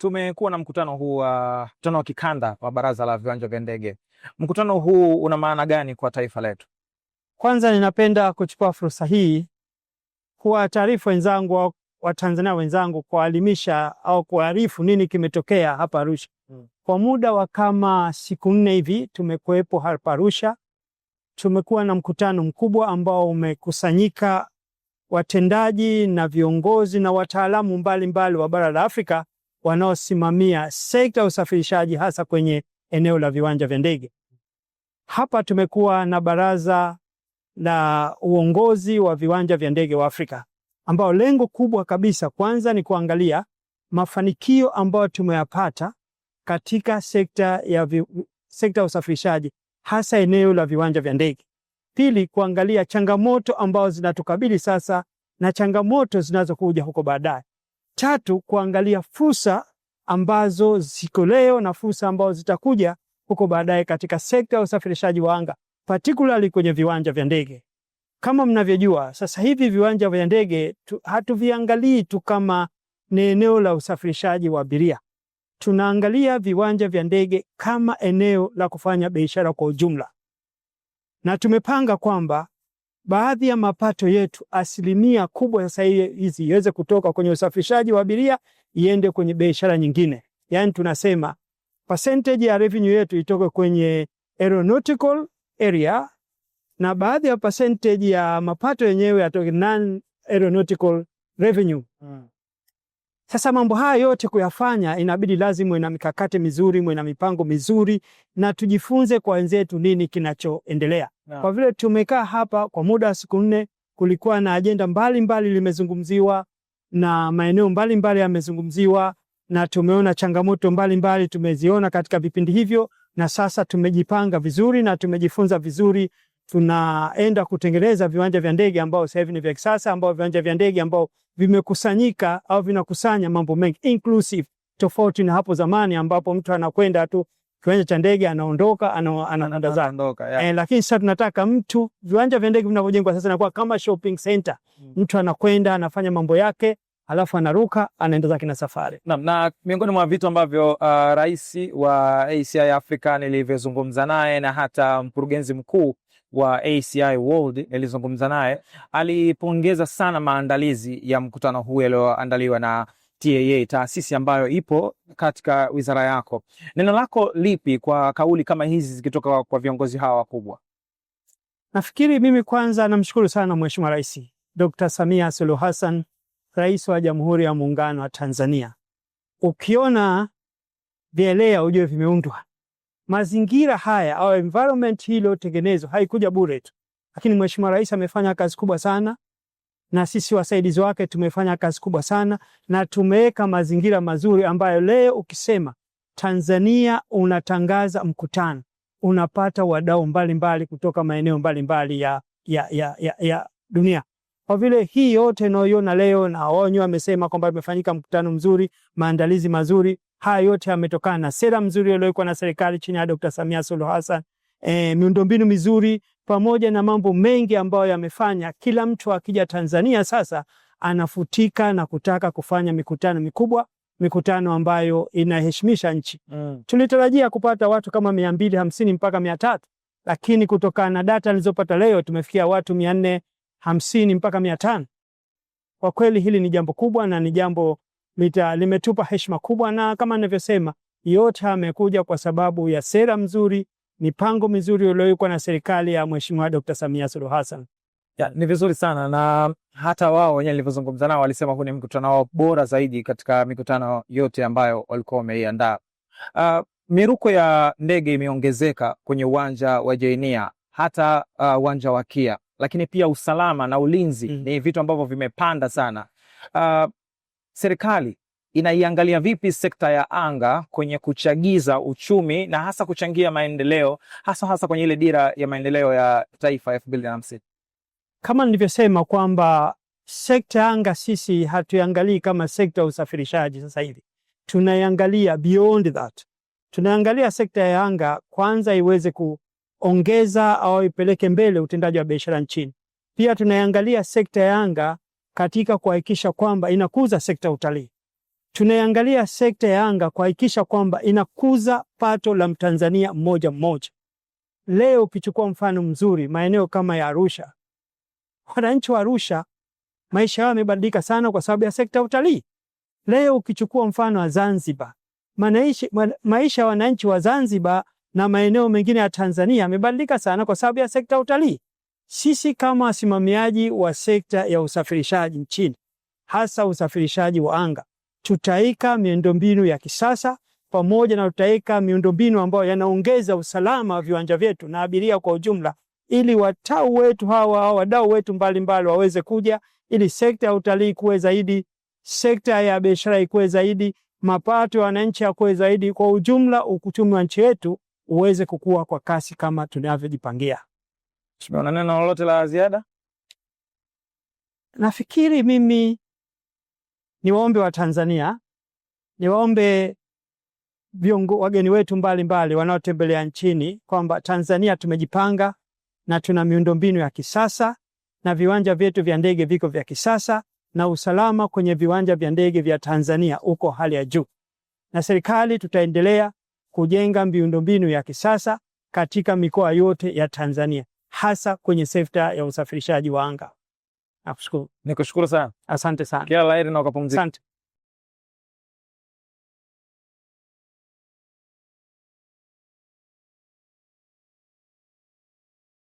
Tumekuwa na mkutano huu wa uh, mkutano wa kikanda wa baraza la viwanja vya ndege. Mkutano huu una maana gani kwa taifa letu? Kwanza ninapenda kuchukua fursa hii kuwa taarifu wenzangu Watanzania wenzangu kuwaalimisha au kuarifu nini kimetokea hapa Arusha. Hmm. Kwa muda wa kama siku nne hivi tumekuwepo hapa Arusha, tumekuwa na mkutano mkubwa ambao umekusanyika watendaji na viongozi na wataalamu mbalimbali wa bara la Afrika wanaosimamia sekta ya usafirishaji hasa kwenye eneo la viwanja vya ndege. Hapa tumekuwa na baraza la uongozi wa viwanja vya ndege wa Afrika ambao lengo kubwa kabisa kwanza ni kuangalia mafanikio ambayo tumeyapata katika sekta ya vi, sekta ya usafirishaji hasa eneo la viwanja vya ndege. Pili, kuangalia changamoto ambazo zinatukabili sasa na changamoto zinazokuja huko baadaye. Tatu, kuangalia fursa ambazo ziko leo na fursa ambazo zitakuja huko baadaye katika sekta ya usafirishaji wa anga, particularly kwenye viwanja vya ndege. Kama mnavyojua sasa hivi viwanja vya ndege hatuviangalii tu kama ni eneo la usafirishaji wa abiria, tunaangalia viwanja vya ndege kama eneo la kufanya biashara kwa ujumla, na tumepanga kwamba baadhi ya mapato yetu asilimia kubwa sasa hizi iweze kutoka kwenye usafirishaji wa abiria iende kwenye biashara nyingine. Yaani tunasema percentage ya revenue yetu itoke kwenye aeronautical area na baadhi ya percentage ya mapato yenyewe yatoke non aeronautical revenue. Hmm. Sasa mambo haya yote kuyafanya, inabidi lazima ina mikakati mizuri, mwe na mipango mizuri, na tujifunze kwa wenzetu nini kinachoendelea yeah. Kwa vile tumekaa hapa kwa muda wa siku nne, kulikuwa na ajenda mbalimbali limezungumziwa na maeneo mbalimbali yamezungumziwa, na tumeona changamoto mbalimbali tumeziona katika vipindi hivyo, na sasa tumejipanga vizuri na tumejifunza vizuri. Tunaenda kutengeneza viwanja vya ndege ambao sasa hivi ni vya kisasa, ambao viwanja vya ndege ambao vimekusanyika au vinakusanya mambo mengi inclusive, tofauti na hapo zamani ambapo mtu anakwenda tu kiwanja cha ndege anaondoka, anaenda zake yeah. Eh, lakini sasa tunataka mtu, viwanja vya ndege vinavyojengwa sasa inakuwa kama shopping center mm. Mtu anakwenda anafanya mambo yake alafu anaruka anaenda zake na safari na, na miongoni mwa vitu ambavyo uh, rais wa ACI Africa nilivyozungumza naye na hata mkurugenzi mkuu wa ACI World nilizungumza naye, alipongeza sana maandalizi ya mkutano huu yaliyoandaliwa na TAA, taasisi ambayo ipo katika wizara yako. Neno lako lipi kwa kauli kama hizi zikitoka kwa viongozi hawa wakubwa? Nafikiri mimi kwanza namshukuru sana Mheshimiwa Rais Dr. Samia Suluhu Hassan, Rais wa Jamhuri ya Muungano wa Tanzania. Ukiona vyelea ujue vimeundwa mazingira haya au environment hii iliyotengenezwa haikuja bure tu, lakini Mheshimiwa Rais amefanya kazi kubwa sana na sisi wasaidizi wake tumefanya kazi kubwa sana na tumeweka mazingira mazuri ambayo leo ukisema Tanzania unatangaza mkutano unapata wadau mbalimbali kutoka maeneo mbalimbali ya, ya, ya, ya, ya dunia. Kwa vile hii yote inayoiona leo na wao wenyewe wamesema kwamba imefanyika mkutano mzuri, maandalizi mazuri, Haya yote yametokana na sera mzuri iliyowekwa na serikali chini ya Dr. Samia Suluhu Hassan, e, miundombinu mizuri pamoja na mambo mengi ambayo yamefanya kila mtu akija Tanzania sasa anafutika na kutaka kufanya mikutano mikubwa, mikutano ambayo inaheshimisha nchi mm. Tulitarajia kupata watu kama mia mbili hamsini mpaka mia tatu lakini kutokana na data nilizopata leo tumefikia watu mia nne hamsini mpaka mia tano Kwa kweli hili ni jambo kubwa na ni jambo lita, limetupa heshima kubwa, na kama ninavyosema, yote amekuja kwa sababu ya sera mzuri, mipango mizuri iliyowekwa na serikali ya Mheshimiwa Dr. Samia Suluhu Hassan. Ya, ni vizuri sana na hata wao wenyewe nilivyozungumza nao walisema huu ni mkutano wao bora zaidi katika mikutano yote ambayo walikuwa wameiandaa. Uh, miruko ya ndege imeongezeka kwenye uwanja wa Jainia hata ah, uwanja uh, wa Kia, lakini pia usalama na ulinzi mm, ni vitu ambavyo vimepanda sana. Uh, serikali inaiangalia vipi sekta ya anga kwenye kuchagiza uchumi na hasa kuchangia maendeleo hasa hasa kwenye ile dira ya maendeleo ya taifa elfu Kama nilivyosema kwamba sekta ya anga sisi hatuiangalii kama sekta ya usafirishaji sasa hivi, tunaiangalia beyond that. Tunaangalia sekta ya anga kwanza iweze kuongeza au ipeleke mbele utendaji wa biashara nchini. Pia tunaiangalia sekta ya anga katika kuhakikisha kwamba inakuza sekta ya utalii. Tunaiangalia sekta ya anga kuhakikisha kwamba inakuza pato la Mtanzania mmoja mmoja. Leo ukichukua mfano mzuri, maeneo kama ya Arusha, wananchi wa Arusha maisha yao yamebadilika sana kwa sababu ya sekta ya utalii. Leo ukichukua mfano wa Zanzibar, manaishi, maisha ya wananchi wa Zanzibar na maeneo mengine ya Tanzania yamebadilika sana kwa sababu ya sekta ya utalii. Sisi kama wasimamiaji wa sekta ya usafirishaji nchini, hasa usafirishaji wa anga, tutaika miundombinu ya kisasa pamoja na tutaika miundombinu ambayo yanaongeza usalama wa viwanja vyetu na abiria kwa ujumla, ili watau wetu hawa au wadau wetu mbalimbali waweze kuja, ili sekta ya utalii kuwe zaidi, sekta ya biashara ikuwe zaidi, mapato ya wananchi yakuwe zaidi, kwa ujumla uchumi wa nchi yetu uweze kukua kwa kasi kama tunavyojipangia. Mheshimiwa, neno lolote la ziada? Nafikiri mimi niwaombe Watanzania, niwaombe viongo wageni wetu mbalimbali wanaotembelea nchini kwamba Tanzania tumejipanga na tuna miundombinu ya kisasa na viwanja vyetu vya ndege viko vya kisasa na usalama kwenye viwanja vya ndege vya Tanzania uko hali ya juu, na serikali tutaendelea kujenga miundombinu ya kisasa katika mikoa yote ya Tanzania hasa kwenye sekta ya usafirishaji wa anga. Nakushukuru. Nikushukuru sana. Asante sana. Kila la heri na ukapumzika. Asante.